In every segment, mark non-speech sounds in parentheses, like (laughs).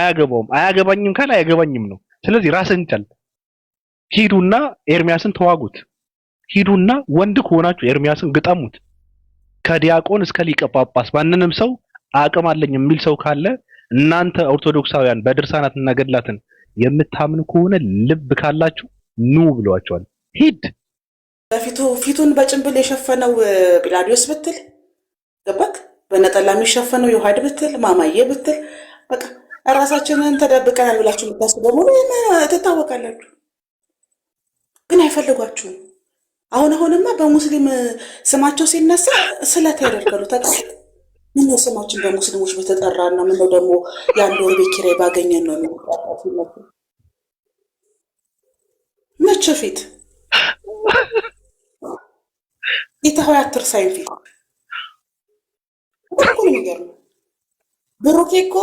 አያገባውም። አያገባኝም ካል አያገባኝም ነው። ስለዚህ ራስን ቻል። ሂዱና ኤርሚያስን ተዋጉት። ሂዱና ወንድ ከሆናችሁ ኤርሚያስን ግጠሙት። ከዲያቆን እስከ ሊቀ ጳጳስ ማንንም ሰው አቅም አለኝ የሚል ሰው ካለ እናንተ ኦርቶዶክሳውያን እና ገድላትን የምታምኑ ከሆነ ልብ ካላችሁ ኑ ብለዋቸዋል። ሂድ በፊቱ ፊቱን በጭንብል የሸፈነው ጲላዲዮስ ብትል ገባክ፣ በነጠላ የሚሸፈነው ዮሐድ ብትል ማማዬ ብትል በቃ ራሳችንን ተደብቀናል ብላችሁ የምታስቡ በሙሉ ትታወቃላችሁ። ግን አይፈልጓችሁም። አሁን አሁንማ በሙስሊም ስማቸው ሲነሳ ስለት ያደርጋሉ። ተቃ ምን ስማችን በሙስሊሞች በተጠራ እና ምን ደግሞ የአንድ ወር ቤት ኪራይ ባገኘን ነው የሚጣጣፊነት መቼ ፊት ጌታዊ አትርሳይን ፊት ነገር ነው ብሩኬ እኮ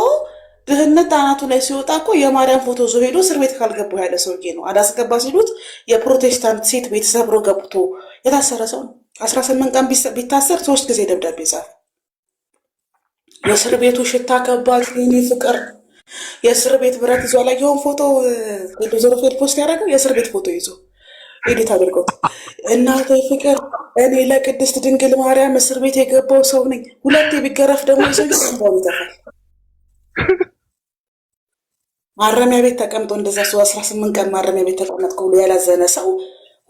ድህነት አናቱ ላይ ሲወጣ እኮ የማርያም ፎቶ ዞ ሄዶ እስር ቤት ካልገባሁ ያለ ሰውዬ ነው። አላስገባ ሲሉት የፕሮቴስታንት ሴት ቤት ሰብሮ ገብቶ የታሰረ ሰው ነው። አስራ ስምንት ቀን ቢታሰር ሶስት ጊዜ ደብዳቤ ጻፈ። የእስር ቤቱ ሽታ ከባድ የኔ ፍቅር የእስር ቤት ብረት ይዞ የሆን ፎቶ ዞሮፌድ ፖስት ያደረገው የእስር ቤት ፎቶ ይዞ ኤዲት አድርገው እናቴ ፍቅር እኔ ለቅድስት ድንግል ማርያም እስር ቤት የገባው ሰው ነኝ። ሁለቴ ቢገረፍ ደግሞ ሰው ይጠፋል። ማረሚያ ቤት ተቀምጦ እንደዛ ሰው አስራ ስምንት ቀን ማረሚያ ቤት ተቀመጥኩ ብሎ ያላዘነ ሰው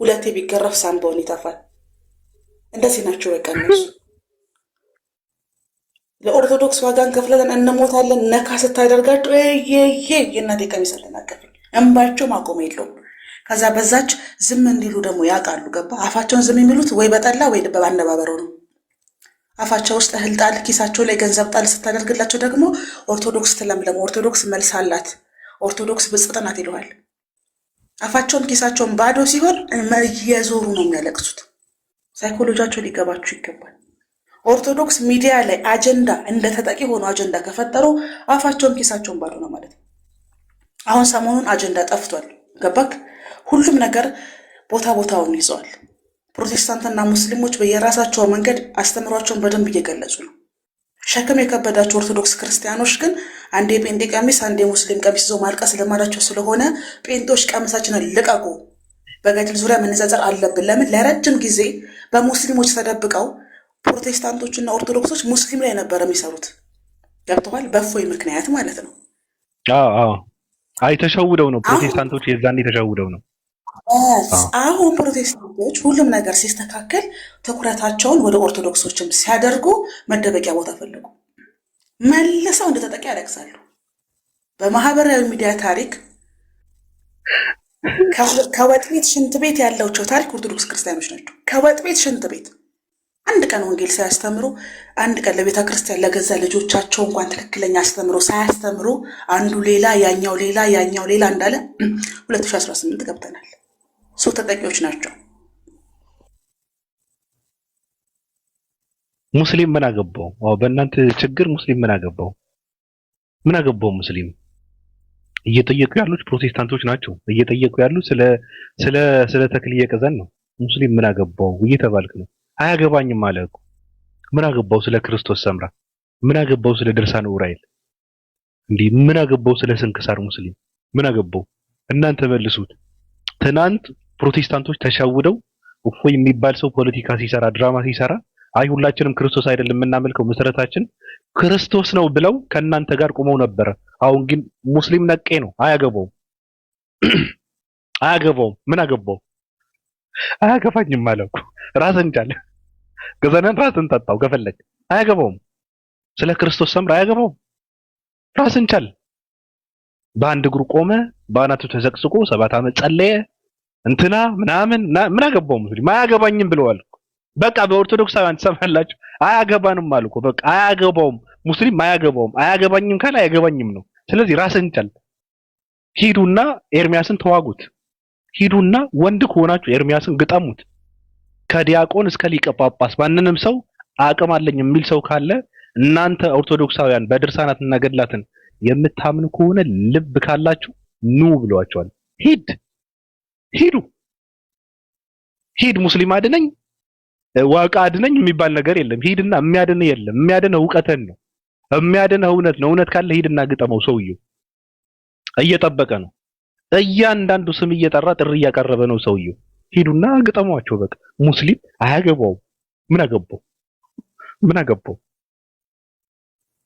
ሁለቴ ቢገረፍ ሳምባውን ይተፋል። እንደዚህ ናቸው። በቃ እነሱ ለኦርቶዶክስ ዋጋ እንከፍላለን፣ እንሞታለን። ነካ ስታደርጋቸው ዬ የእናቴ ቀሚስ አልተናገፍኝ እንባቸው ማቆም የለውም። ከዛ በዛች ዝም እንዲሉ ደግሞ ያውቃሉ። ገባ አፋቸውን ዝም የሚሉት ወይ በጠላ ወይ በአነባበረው ነው። አፋቸው ውስጥ እህል ጣል፣ ኪሳቸው ላይ ገንዘብ ጣል ስታደርግላቸው ደግሞ ኦርቶዶክስ ትለምለሙ ኦርቶዶክስ መልስ አላት። ኦርቶዶክስ ብፅዕት ናት ይለዋል። አፋቸውም ኪሳቸውን ባዶ ሲሆን እየዞሩ ነው የሚያለቅሱት። ሳይኮሎጂያቸው ሊገባችሁ ይገባል። ኦርቶዶክስ ሚዲያ ላይ አጀንዳ እንደ ተጠቂ ሆኖ አጀንዳ ከፈጠሩ አፋቸውም ኪሳቸውን ባዶ ነው ማለት ነው። አሁን ሰሞኑን አጀንዳ ጠፍቷል። ገባክ? ሁሉም ነገር ቦታ ቦታውን ይዘዋል። ፕሮቴስታንትና ሙስሊሞች በየራሳቸው መንገድ አስተምሯቸውን በደንብ እየገለጹ ነው። ሸክም የከበዳቸው ኦርቶዶክስ ክርስቲያኖች ግን አንዴ ጴንጤ ቀሚስ አንዴ ሙስሊም ቀሚስ ይዞ ማልቀስ ልማዳቸው ስለሆነ ጴንጦች ቀሚሳችንን ልቀቁ። በገድል ዙሪያ መነጻጸር አለብን። ለምን ለረጅም ጊዜ በሙስሊሞች ተደብቀው ፕሮቴስታንቶችና ኦርቶዶክሶች ሙስሊም ላይ ነበረ የሚሰሩት። ገብተዋል። በፎይ ምክንያት ማለት ነው። አይ ተሸውደው ነው ፕሮቴስታንቶች የዛን ተሸውደው ነው አሁን ፕሮቴስታንቶች ሁሉም ነገር ሲስተካከል ትኩረታቸውን ወደ ኦርቶዶክሶችም ሲያደርጉ መደበቂያ ቦታ ፈለጉ። መልሰው እንደተጠቂ ያለቅሳሉ። በማህበራዊ ሚዲያ ታሪክ ከወጥ ቤት ሽንት ቤት ያላቸው ታሪክ ኦርቶዶክስ ክርስቲያኖች ናቸው። ከወጥ ቤት ሽንት ቤት አንድ ቀን ወንጌል ሳያስተምሩ አንድ ቀን ለቤተ ክርስቲያን ለገዛ ልጆቻቸው እንኳን ትክክለኛ አስተምሮ ሳያስተምሩ አንዱ ሌላ ያኛው ሌላ ያኛው ሌላ እንዳለ 2018 (clears throat) ገብተናል። እሱ ተጠቂዎች ናቸው። ሙስሊም ምን አገባው? በእናንተ ችግር ሙስሊም ምን አገባው? ምን አገባው ሙስሊም? እየጠየቁ ያሉት ፕሮቴስታንቶች ናቸው። እየጠየቁ ያሉት ስለ ስለ ስለ ተክል እየቀዘን ነው። ሙስሊም ምን አገባው እየተባልክ ነው። አያገባኝም አለ እኮ። ምን አገባው ስለ ክርስቶስ ሰምራ? ምን አገባው ስለ ድርሳን ዑራኤል? እንዲህ ምን አገባው ስለ ስንክሳር ሙስሊም? ምን አገባው? እናንተ መልሱት። ትናንት ፕሮቴስታንቶች ተሸውደው እፎ የሚባል ሰው ፖለቲካ ሲሰራ ድራማ ሲሰራ አይ ሁላችንም ክርስቶስ አይደለም የምናመልከው መሰረታችን ክርስቶስ ነው ብለው ከእናንተ ጋር ቁመው ነበረ። አሁን ግን ሙስሊም ነቄ ነው፣ አያገባውም፣ (clears throat) አያገባውም። ምን አገባው? አያገባኝም አለኩ ራስን ቻለ ገዛናን ራስን ጠጣው ከፈለግ አያገባውም። ስለ ክርስቶስ ሰምር አያገባውም። ራስን ቻል በአንድ እግሩ ቆመ፣ በአናቱ ተዘቅዝቆ ሰባት ዓመት ጸለየ። እንትና ምናምን ምን አገባው ሙስሊም አያገባኝም ብለዋል። በቃ በኦርቶዶክሳውያን ትሰማላችሁ፣ አያገባንም አሉ እኮ በቃ አያገባውም፣ ሙስሊም አያገባውም። አያገባኝም ካለ አያገባኝም ነው። ስለዚህ ራስን ቻል፣ ሂዱና ኤርሚያስን ተዋጉት። ሂዱና ወንድ ከሆናችሁ ኤርሚያስን ግጠሙት። ከዲያቆን እስከ ሊቀ ጳጳስ ማንንም ሰው አቅም አለኝ የሚል ሰው ካለ እናንተ ኦርቶዶክሳውያን በድርሳናትና ገድላትን የምታምኑ ከሆነ ልብ ካላችሁ ኑ ብለዋቸዋል። ሂድ ሂዱ ሂድ ሙስሊም አድነኝ ዋቃ አድነኝ የሚባል ነገር የለም። ሂድና የሚያድን የለም። የሚያድን እውቀትን ነው የሚያድን እውነት ነው። እውነት ካለ ሂድና ግጠመው። ሰውየው እየጠበቀ ነው። እያንዳንዱ ስም እየጠራ ጥሪ እያቀረበ ነው ሰውየው። ሂዱና ግጠሟቸው። በቃ ሙስሊም አያገባው። ምን አገባው? ምን አገባው?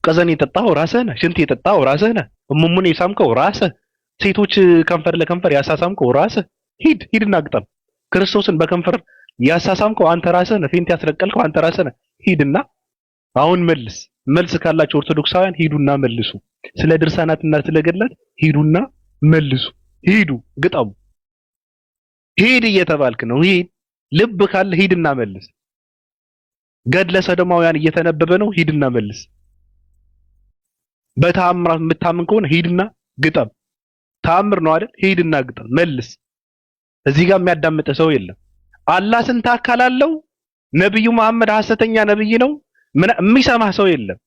ቀዘን የጠጣው ራስህ ነህ። ሽንት የጠጣው ራስህ ነህ። እሙሙን የሳምከው ራስህ። ሴቶች ከንፈር ለከንፈር ያሳሳምከው ራስህ ሂድ ሂድና ግጠም። ክርስቶስን በከንፈር ያሳሳምከው አንተ ራስህ ነህ። ፌንት ያስረቀልከው አንተ ራስህ ነህ። ሂድና አሁን መልስ። መልስ ካላቸው ኦርቶዶክሳውያን ሂዱና መልሱ። ስለ ድርሳናትና ስለ ገድላት ሂዱና መልሱ። ሂዱ ግጠሙ። ሂድ እየተባልክ ነው። ሂድ ልብ ካለ ሂድና መልስ። ገድለ ሰዶማውያን እየተነበበ ነው። ሂድና መልስ። በተአምራት የምታምን ከሆነ ሂድና ግጠም። ተአምር ነው አይደል? ሂድና ግጠም መልስ። እዚህ ጋር የሚያዳምጥ ሰው የለም። አላህ ስንት አካል አለው? ነብዩ መሐመድ ሐሰተኛ ነብይ ነው? የሚሰማ ሰው የለም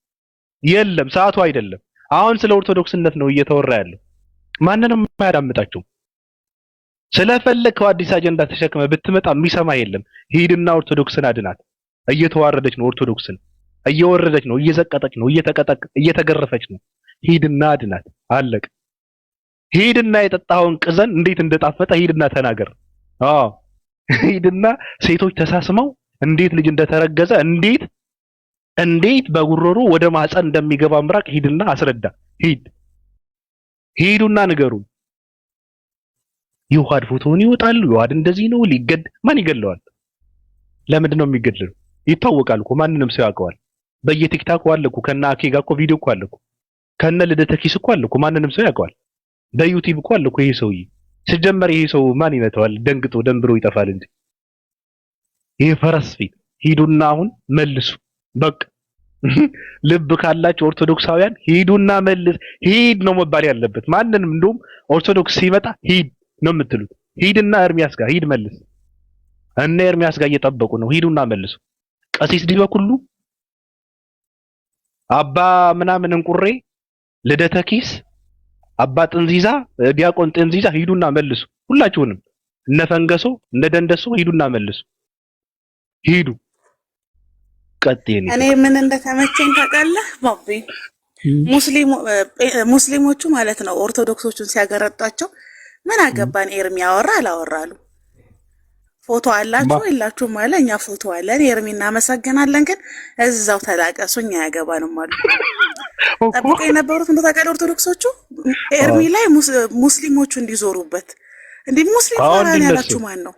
የለም። ሰዓቱ አይደለም። አሁን ስለ ኦርቶዶክስነት ነው እየተወራ ያለው። ማንንም አያዳምጣቸውም። ስለፈለግከው አዲስ አጀንዳ ተሸክመ ብትመጣ የሚሰማ የለም። ሂድና ኦርቶዶክስን አድናት። እየተዋረደች ነው፣ ኦርቶዶክስን እየወረደች ነው፣ እየዘቀጠች ነው፣ እየተቀጠቅ እየተገረፈች ነው። ሂድና አድናት። አለቅ ሂድና የጠጣኸውን ቅዘን እንዴት እንደጣፈጠ ሂድና ተናገር። አዎ ሂድና ሴቶች ተሳስመው እንዴት ልጅ እንደተረገዘ እንዴት እንዴት በጉሮሮ ወደ ማህፀን እንደሚገባ ምራቅ ሂድና አስረዳ። ሂድ ሂዱና ንገሩ። ይውሃድ ፎቶውን ይወጣሉ ይውሃድ እንደዚህ ነው ሊገድ ማን ይገለዋል? ለምንድን ነው የሚገድለው? ይታወቃል እኮ ማንንም ሰው ያውቀዋል። በየቲክታኩ አለ እኮ ከነ አኬ ጋር እኮ ቪዲዮ እኮ አለ እኮ ከነ ልደተ ኪስ እኮ አለ እኮ ማንንም ሰው ያውቀዋል። በዩቲዩብ እኮ አለ እኮ ይሄ ሰውዬ። ሲጀመር ይሄ ሰው ማን ይመታዋል? ደንግጦ ደንብሮ ይጠፋል እንጂ ይሄ ፈረስ ፊት ሂዱና አሁን መልሱ። በቃ (laughs) ልብ ካላችሁ ኦርቶዶክሳውያን ሂዱና መልስ። ሂድ ነው መባል ያለበት። ማንንም እንደውም ኦርቶዶክስ ሲመጣ ሂድ ነው የምትሉት። ሂድና ኤርሚያስ ጋር ሂድ መልስ። እነ ኤርሚያስ ጋር እየጠበቁ ነው። ሂዱና መልሱ። ቀሲስ ዲበኩሉ አባ ምናምን እንቁሬ ልደተ ኪስ አባ ጥንዚዛ፣ ዲያቆን ጥንዚዛ ሂዱና መልሱ። ሁላችሁንም እነ ፈንገሶ እነ ደንደሶ ሂዱና መልሱ። ሂዱ። ቀጥየኝ። እኔ ምን እንደተመቸኝ ታውቃለህ? ባቢ ሙስሊሞቹ ማለት ነው ኦርቶዶክሶቹን ሲያገረጧቸው ምን አገባን ኤርሚ አወራ አላወራሉ ፎቶ አላችሁ የላችሁም? አለ እኛ ፎቶ አለን። ኤርሚ እናመሰግናለን፣ ግን እዛው ተላቀሱ፣ እኛ ያገባንም አሉ። (laughs) ጠብቀ የነበሩት እንደ ኦርቶዶክሶቹ ኤርሚ ላይ ሙስሊሞቹ እንዲዞሩበት እንዲ ሙስሊም ያላችሁ ማን ነው?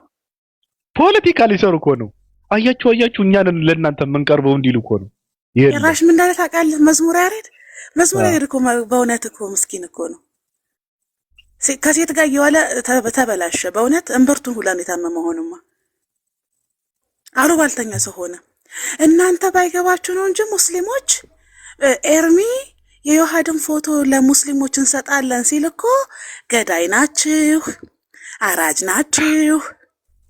ፖለቲካ ሊሰሩ እኮ ነው። አያችሁ አያችሁ፣ እኛን ለእናንተ የምንቀርበው እንዲሉ እኮ ነው። ራሽ ምን እንዳለ ታውቃለህ? መዝሙር ያሬድ መዝሙር ያሬድ እኮ በእውነት እኮ ምስኪን እኮ ነው። ከሴት ጋር እየዋለ ተበላሸ። በእውነት እምብርቱን ሁላን የታመመ ሆኑማ አሉ ባልተኛ ሰው ሆነ። እናንተ ባይገባችሁ ነው እንጂ ሙስሊሞች ኤርሚ የዮሐድን ፎቶ ለሙስሊሞች እንሰጣለን ሲል እኮ ገዳይ ናችሁ፣ አራጅ ናችሁ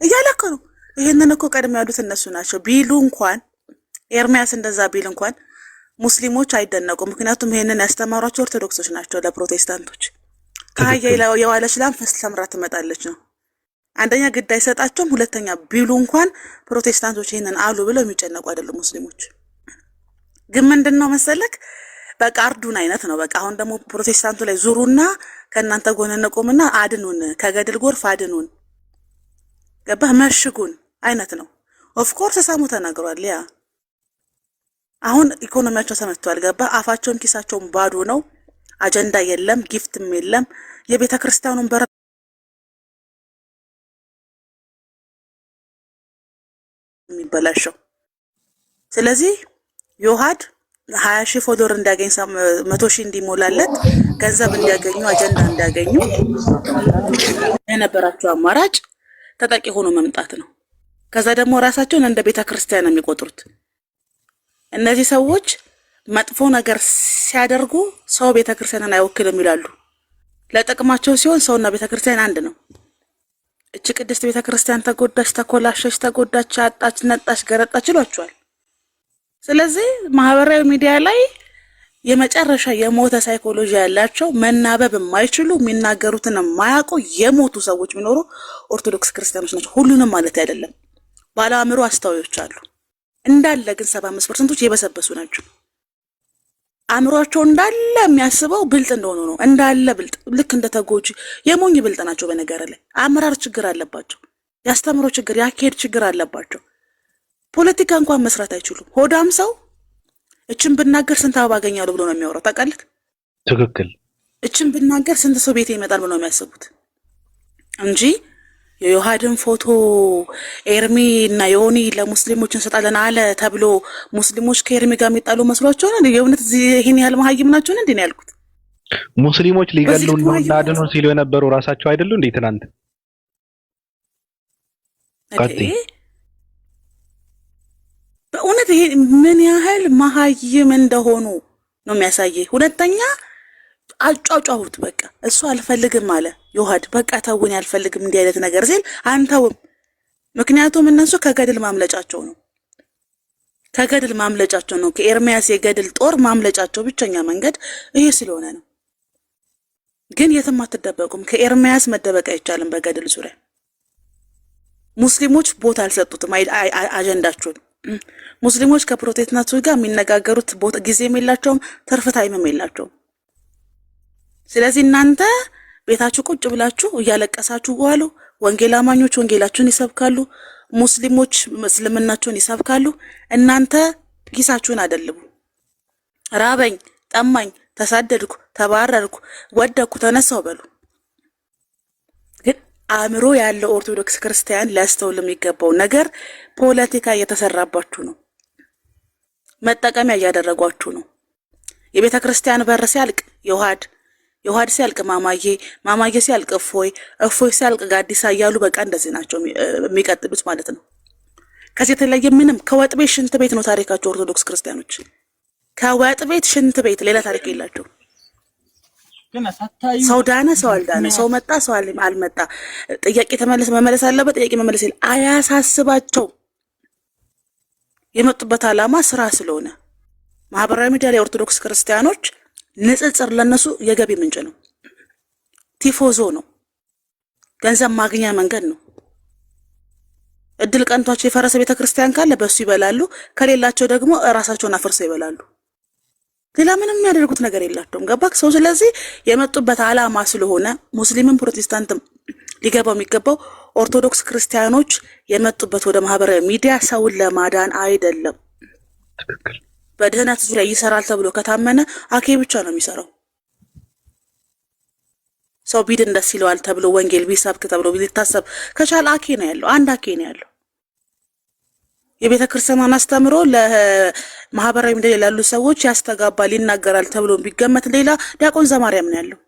እያለ ነው። ይህንን እኮ ቀድሞ ያሉት እነሱ ናቸው ቢሉ እንኳን ኤርሚያስ እንደዛ ቢል እንኳን ሙስሊሞች አይደነቁ። ምክንያቱም ይህንን ያስተማሯቸው ኦርቶዶክሶች ናቸው ለፕሮቴስታንቶች ከአህያ የዋለች ላም ፈስት ትመጣለች ነው። አንደኛ ግድ አይሰጣቸውም፣ ሁለተኛ ቢሉ እንኳን ፕሮቴስታንቶች ይህንን አሉ ብለው የሚጨነቁ አይደሉም። ሙስሊሞች ግን ምንድን ነው መሰለክ በቃ አርዱን አይነት ነው። በቃ አሁን ደግሞ ፕሮቴስታንቱ ላይ ዙሩና ከእናንተ ጎን እንቁምና አድኑን፣ ከገድል ጎርፍ አድኑን፣ ገባህ መሽጉን አይነት ነው። ኦፍኮርስ ሳሙ ተናግሯል። ያ አሁን ኢኮኖሚያቸው ተመትቷል። ገባህ አፋቸውም ኪሳቸውም ባዶ ነው። አጀንዳ የለም፣ ጊፍትም የለም። የቤተ ክርስቲያኑን በር የሚበላሸው ስለዚህ ዮሐድ ሀያ ሺህ ፎሎወር እንዲያገኝ መቶ ሺህ እንዲሞላለት ገንዘብ እንዲያገኙ አጀንዳ እንዲያገኙ የነበራቸው አማራጭ ተጠቂ ሆኖ መምጣት ነው። ከዛ ደግሞ ራሳቸውን እንደ ቤተ ክርስቲያን ነው የሚቆጥሩት እነዚህ ሰዎች። መጥፎ ነገር ሲያደርጉ ሰው ቤተክርስቲያንን አይወክልም ይላሉ። ለጥቅማቸው ሲሆን ሰውና ቤተክርስቲያን አንድ ነው። እቺ ቅድስት ቤተክርስቲያን ተጎዳች፣ ተኮላሸች፣ ተጎዳች፣ አጣች፣ ነጣች፣ ገረጣች ይሏቸዋል። ስለዚህ ማህበራዊ ሚዲያ ላይ የመጨረሻ የሞተ ሳይኮሎጂ ያላቸው መናበብ የማይችሉ የሚናገሩትን የማያውቁ የሞቱ ሰዎች ቢኖሩ ኦርቶዶክስ ክርስቲያኖች ናቸው። ሁሉንም ማለት አይደለም፣ ባለአእምሮ አስተዋዮች አሉ። እንዳለ ግን ሰባ አምስት ፐርሰንቶች የበሰበሱ ናቸው። አእምሯቸው እንዳለ የሚያስበው ብልጥ እንደሆኑ ነው። እንዳለ ብልጥ ልክ እንደ ተጎጂ የሞኝ ብልጥ ናቸው። በነገር ላይ አመራር ችግር አለባቸው። የአስተምሮ ችግር፣ የአካሄድ ችግር አለባቸው። ፖለቲካ እንኳን መስራት አይችሉም። ሆዳም ሰው እችን ብናገር ስንት አበባ አገኛለሁ ብሎ ነው የሚያወራው። ታውቃለህ? ትክክል። እችን ብናገር ስንት ሰው ቤት ይመጣል ብሎ ነው የሚያስቡት እንጂ የዮሐድን ፎቶ ኤርሚ እና የሆኒ ለሙስሊሞች እንሰጣለን አለ ተብሎ ሙስሊሞች ከኤርሚ ጋር የሚጣሉ መስሏቸውን የእውነት ይህን ያህል መሀይም ናቸውን? እንዴ ነው ያልኩት። ሙስሊሞች ሊገሉን ነው ሲሉ የነበሩ ራሳቸው አይደሉ እንዴ? ትናንት በእውነት ይሄ ምን ያህል መሀይም እንደሆኑ ነው የሚያሳየ። ሁለተኛ አልጫጫሁት በቃ እሱ አልፈልግም አለ ዮሐድ። በቃ ተውን አልፈልግም እንዲህ አይነት ነገር ሲል አንተውም። ምክንያቱም እነሱ ከገድል ማምለጫቸው ነው ከገድል ማምለጫቸው ነው። ከኤርሚያስ የገድል ጦር ማምለጫቸው ብቸኛ መንገድ ይሄ ስለሆነ ነው። ግን የትም አትደበቁም። ከኤርሚያስ መደበቅ አይቻልም። በገድል ዙሪያ ሙስሊሞች ቦታ አልሰጡትም። አጀንዳችሁን ሙስሊሞች ከፕሮቴስታንቱ ጋር የሚነጋገሩት ጊዜም የላቸውም፣ ትርፍ ታይምም የላቸውም። ስለዚህ እናንተ ቤታችሁ ቁጭ ብላችሁ እያለቀሳችሁ ዋሉ። ወንጌል አማኞች ወንጌላችሁን ይሰብካሉ፣ ሙስሊሞች እስልምናቸውን ይሰብካሉ። እናንተ ኪሳችሁን አደልቡ። ራበኝ፣ ጠማኝ፣ ተሳደድኩ፣ ተባረርኩ፣ ወደኩ ተነሳው በሉ። ግን አእምሮ ያለው ኦርቶዶክስ ክርስቲያን ሊያስተውል የሚገባው ነገር ፖለቲካ እየተሰራባችሁ ነው። መጠቀሚያ እያደረጓችሁ ነው። የቤተ ክርስቲያን በር ሲያልቅ የውሃድ የውሃድ ሲያልቅ ማማዬ ማማዬ ሲያልቅ እፎይ እፎይ ሲያልቅ ጋዲሳ እያሉ በቃ እንደዚህ ናቸው የሚቀጥሉት ማለት ነው። ከዚህ የተለየ ምንም ከወጥ ቤት ሽንት ቤት ነው ታሪካቸው። ኦርቶዶክስ ክርስቲያኖች ከወጥ ቤት ሽንት ቤት ሌላ ታሪክ የላቸው። ሰው ዳነ፣ ሰው አልዳነ፣ ሰው መጣ፣ ሰው አልመጣ፣ ጥያቄ ተመለስ መመለስ አለበት፣ ጥያቄ መመለስ የለ አያሳስባቸው። የመጡበት ዓላማ ስራ ስለሆነ ማህበራዊ ሚዲያ ላይ ኦርቶዶክስ ክርስቲያኖች ንጽጽር ለነሱ የገቢ ምንጭ ነው። ቲፎዞ ነው። ገንዘብ ማግኛ መንገድ ነው። እድል ቀንቷቸው የፈረሰ ቤተ ክርስቲያን ካለ በሱ ይበላሉ፣ ከሌላቸው ደግሞ እራሳቸውን አፍርሰው ይበላሉ። ሌላ ምንም የሚያደርጉት ነገር የላቸውም። ገባክ ሰው። ስለዚህ የመጡበት አላማ ስለሆነ ሙስሊምም ፕሮቴስታንትም ሊገባው የሚገባው ኦርቶዶክስ ክርስቲያኖች የመጡበት ወደ ማህበራዊ ሚዲያ ሰውን ለማዳን አይደለም። በድህነት ዙሪያ ይሰራል ተብሎ ከታመነ አኬ ብቻ ነው የሚሰራው። ሰው ቢድን ደስ ይለዋል ተብሎ ወንጌል ቢሰብክ ተብሎ ሊታሰብ ከቻለ አኬ ነው ያለው፣ አንድ አኬ ነው ያለው። የቤተ ክርስቲያኗን አስተምሮ ለማህበራዊ ሚዲያ ላሉ ሰዎች ያስተጋባል፣ ይናገራል ተብሎ ቢገመት ሌላ ዲያቆን ዘማርያም ነው ያለው።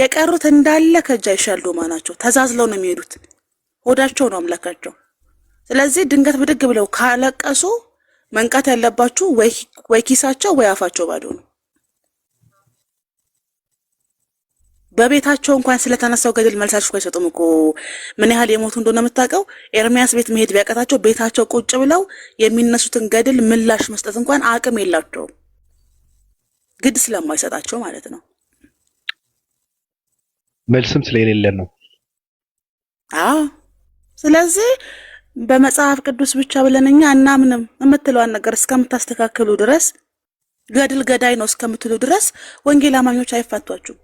የቀሩት እንዳለ ከእጅ ይሻል ዶማ ናቸው። ተዛዝለው ነው የሚሄዱት። ሆዳቸው ነው አምላካቸው። ስለዚህ ድንገት ብድግ ብለው ካለቀሱ መንቃት ያለባችሁ ወይ ኪሳቸው ወይ አፋቸው ባዶ ነው። በቤታቸው እንኳን ስለተነሳው ገድል መልሳችሁ እኮ አይሰጡም እኮ ምን ያህል የሞቱ እንደሆነ የምታውቀው። ኤርሚያስ ቤት መሄድ ቢያቀታቸው ቤታቸው ቁጭ ብለው የሚነሱትን ገድል ምላሽ መስጠት እንኳን አቅም የላቸውም፣ ግድ ስለማይሰጣቸው ማለት ነው። መልስም ስለሌለ ነው። አዎ ስለዚህ በመጽሐፍ ቅዱስ ብቻ ብለን እኛ እናምንም የምትለዋን ነገር እስከምታስተካከሉ ድረስ ገድል ገዳይ ነው እስከምትሉ ድረስ ወንጌል አማኞች አይፋቷችሁም።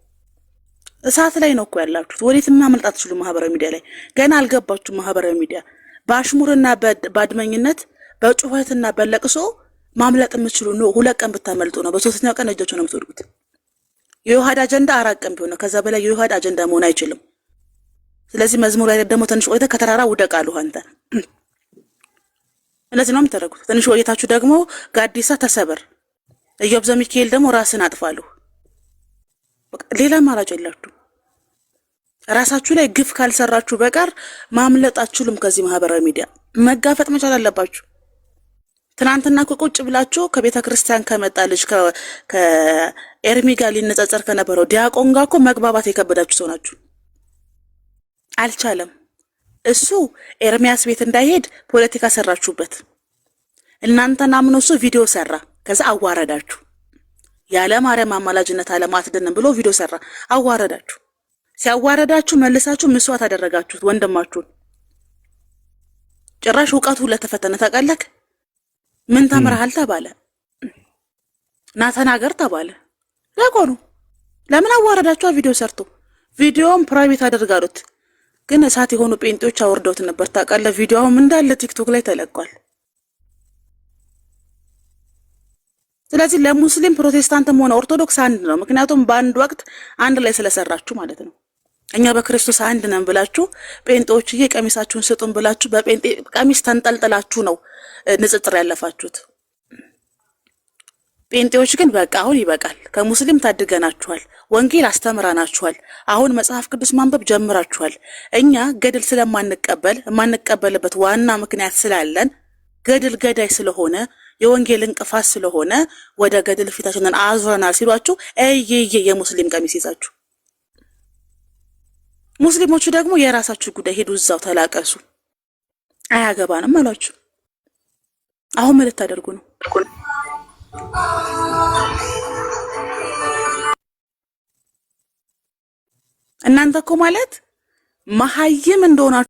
እሳት ላይ ነው እኮ ያላችሁት። ወዴትም ማምልጣት አትችሉ። ማህበራዊ ሚዲያ ላይ ገና አልገባችሁ። ማህበራዊ ሚዲያ በአሽሙርና በአድመኝነት በጩኸትና በለቅሶ ማምለጥ የምትችሉ ነው። ሁለት ቀን ብታመልጡ ነው፣ በሶስተኛው ቀን እጃችሁ ነው የምትወድቁት። የዮሐድ አጀንዳ አራት ቀን ቢሆን ነው። ከዛ በላይ የዮሐድ አጀንዳ መሆን አይችልም። ስለዚህ መዝሙር ላይ ደግሞ ትንሽ ቆይተህ ከተራራ ውደቅ አሉ አንተ እነዚህ ነው የምታደርጉት። ትንሽ ወጌታችሁ ደግሞ ጋዲሳ ተሰበር፣ ኢዮብ ዘሚካኤል ደግሞ ራስን አጥፋሉ። ሌላ አማራጭ የላችሁ። ራሳችሁ ላይ ግፍ ካልሰራችሁ በቀር ማምለጥ አችሉም። ከዚህ ማህበራዊ ሚዲያ መጋፈጥ መቻል አለባችሁ። ትናንትና ቁጭ ብላችሁ ከቤተ ክርስቲያን ከመጣ ልጅ ከኤርሚ ጋር ሊነጻጸር ከነበረው ዲያቆን ጋር እኮ መግባባት የከበዳችሁ ሰው ናችሁ። አልቻለም። እሱ ኤርሚያስ ቤት እንዳይሄድ ፖለቲካ ሰራችሁበት። እናንተን አምኖ እሱ ቪዲዮ ሰራ፣ ከዛ አዋረዳችሁ። ያለ ማርያም አማላጅነት አለማትድንም ብሎ ቪዲዮ ሰራ፣ አዋረዳችሁ። ሲያዋረዳችሁ መልሳችሁ ምስዋት አደረጋችሁት ወንድማችሁን። ጭራሽ እውቀቱ ለተፈተነ ታውቃለህ። ምን ተምረሃል ተባለ፣ ና ተናገር ተባለ። ለቆኑ ለምን አዋረዳችኋ? ቪዲዮ ሰርቶ ቪዲዮም ፕራይቬት አደርጋሉት ግን እሳት የሆኑ ጴንጤዎች አወርደውት ነበር ታውቃለህ። ቪዲዮውም እንዳለ ቲክቶክ ላይ ተለቋል። ስለዚህ ለሙስሊም ፕሮቴስታንትም ሆነ ኦርቶዶክስ አንድ ነው። ምክንያቱም በአንድ ወቅት አንድ ላይ ስለሰራችሁ ማለት ነው። እኛ በክርስቶስ አንድ ነን ብላችሁ ጴንጤዎችዬ ቀሚሳችሁን ስጡን ብላችሁ በጴንጤ ቀሚስ ተንጠልጥላችሁ ነው ንጽጽር ያለፋችሁት። ጴንጤዎች ግን በቃ አሁን ይበቃል፣ ከሙስሊም ታድገናችኋል፣ ወንጌል አስተምራናችኋል፣ አሁን መጽሐፍ ቅዱስ ማንበብ ጀምራችኋል። እኛ ገድል ስለማንቀበል የማንቀበልበት ዋና ምክንያት ስላለን ገድል ገዳይ ስለሆነ የወንጌል እንቅፋት ስለሆነ ወደ ገድል ፊታችንን አዙረናል ሲሏችሁ እየየ የሙስሊም ቀሚስ ይዛችሁ፣ ሙስሊሞቹ ደግሞ የራሳችሁ ጉዳይ ሄዱ፣ እዛው ተላቀሱ፣ አያገባንም አሏችሁ። አሁን ምን ልታደርጉ ነው? እናንተ እኮ ማለት መሀይም እንደሆናችሁ